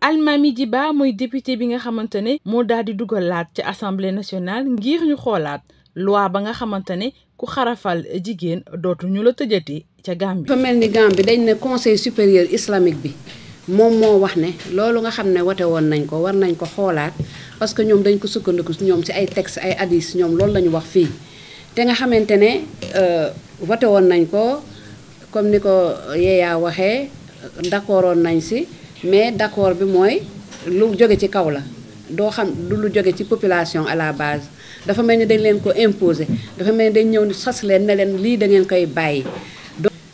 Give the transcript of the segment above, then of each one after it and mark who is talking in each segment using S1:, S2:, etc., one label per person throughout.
S1: Almami Diba mooy député bi nga xamante ne moo daldi di dugalaat ci assemblée nationale ngir ñu xoolaat loi ba nga xamante ne ku xarafal jigéen dootu ñu la tëjati ca Gambie. fa mel ni Gambie
S2: dañ ne conseil supérieur islamique bi moom moo wax ne loolu nga xam ne wote woon nañ ko war nañ ko xoolaat parce que ñoom dañ ko sukkandiku ñoom ci ay textes ay hadis ñoom loolu la wax fii. te nga xamante ne euh, voté woon nañ ko comme ni ko yeeyaa waxee d'accord woon nañ si mais d'accord bi mooy lu jóge ci kaw la doo xam du lu jóge ci population à la base dafa mel ni dañ leen ko imposer dafa mel ni dañ ñëw sas leen ne leen lii da ngeen koy bàyyi.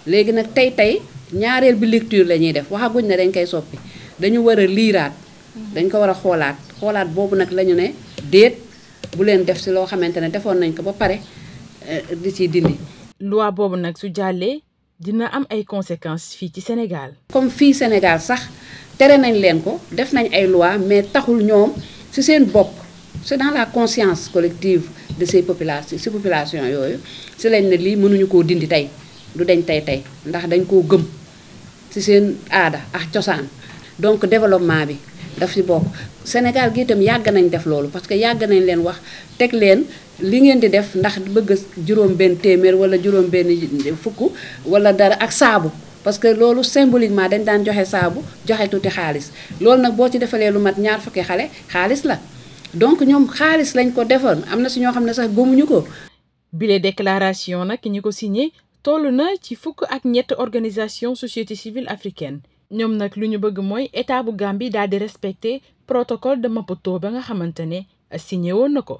S2: léegi nag tey tey ñaareel bi lecture la ñuy def waxaguñ ne dañ koy soppi dañu war a liiraat dañ ko war a xoolaat xoolaat boobu nag la ñu ne déet
S1: bu leen def si loo xamante ne defoon nañ ko ba pare. Euh, di ciy dindi. loi boobu nag su jàllee dina am ay conséquences fii ci Sénégal. comme fii Sénégal sax
S2: tere nañ leen ko def nañ ay loi mais taxul ñoom ci seen bopp c'est dans la conscience collective de ces populations ces populations yooyu ci lañ ne lii mënuñu koo dindi tey du deñ tey tey ndax dañ koo gëm ci seen aada ak cosaan donc développement bi. daf ci bokk Sénégal gi itam yàgg nañ def loolu parce que yàgg nañ leen wax teg leen li ngeen di def ndax bëgg juróom benn téeméer wala juróom benn fukk wala dara ak saabu parce que loolu symboliquement dañ daan joxe saabu joxe tuuti xaalis loolu nag boo ci defalee lu mat ñaar fukki xale xaalis la donc ñoom xaalis
S1: lañ ko defoon am na si ñoo xam
S2: ne sax gëmuñu
S1: ko. bile déclaration nag ñu ko signé toll na ci fukk ak ñett organisation société civile africaine. ñoom nag lu ñu bëgg mooy état bu Gambie daal di respecter protocole de Maputo ba nga xamante ne signé woon na ko.